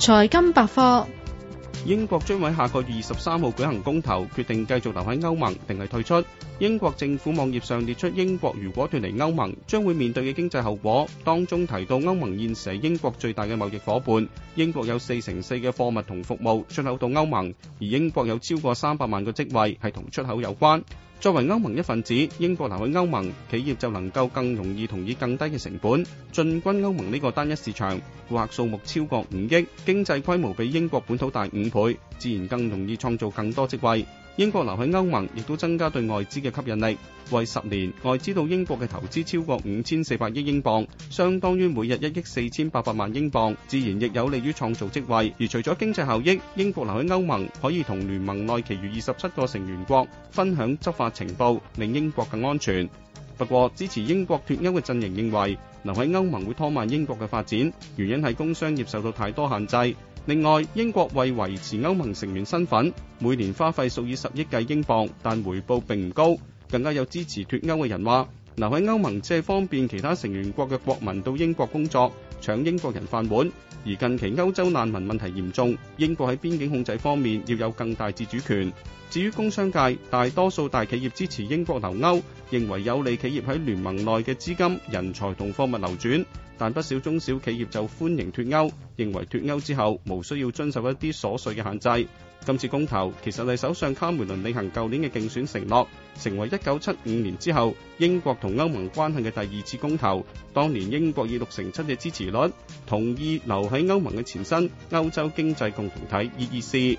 財金百科。英國將會下個月二十三號舉行公投，決定繼續留喺歐盟定係退出。英國政府網頁上列出英國如果脫離歐盟將會面對嘅經濟後果，當中提到歐盟現時係英國最大嘅貿易夥伴，英國有四成四嘅貨物同服務出口到歐盟，而英國有超過三百萬個職位係同出口有關。作為歐盟一份子，英國留喺歐盟，企業就能夠更容易同以更低嘅成本進軍歐盟呢個單一市場，顧客數目超過五億，經濟規模比英國本土大五倍。自然更容易創造更多職位。英國留喺歐盟亦都增加對外資嘅吸引力。為十年，外資到英國嘅投資超過五千四百億英鎊，相當於每日一億四千八百萬英鎊，自然亦有利於創造職位。而除咗經濟效益，英國留喺歐盟可以同聯盟內其餘二十七個成員國分享執法情報，令英國更安全。不過，支持英國脱歐嘅陣營認為，留喺歐盟會拖慢英國嘅發展，原因係工商業受到太多限制。另外，英國為維持歐盟成員身份，每年花費數以十億計英鎊，但回報並唔高。更加有支持脱歐嘅人話：留喺歐盟只係方便其他成員國嘅國民到英國工作，搶英國人飯碗，而近期歐洲難民問題嚴重，英國喺邊境控制方面要有更大自主權。至於工商界，大多數大企業支持英國留歐，認為有利企業喺聯盟內嘅資金、人才同貨物流轉。但不少中小企業就歡迎脱歐，認為脱歐之後無需要遵守一啲瑣碎嘅限制。今次公投其實係首相卡梅倫履行舊年嘅競選承諾，成為一九七五年之後英國同歐盟關係嘅第二次公投。當年英國以六成七嘅支持率同意留喺歐盟嘅前身歐洲經濟共同體 （EEC）。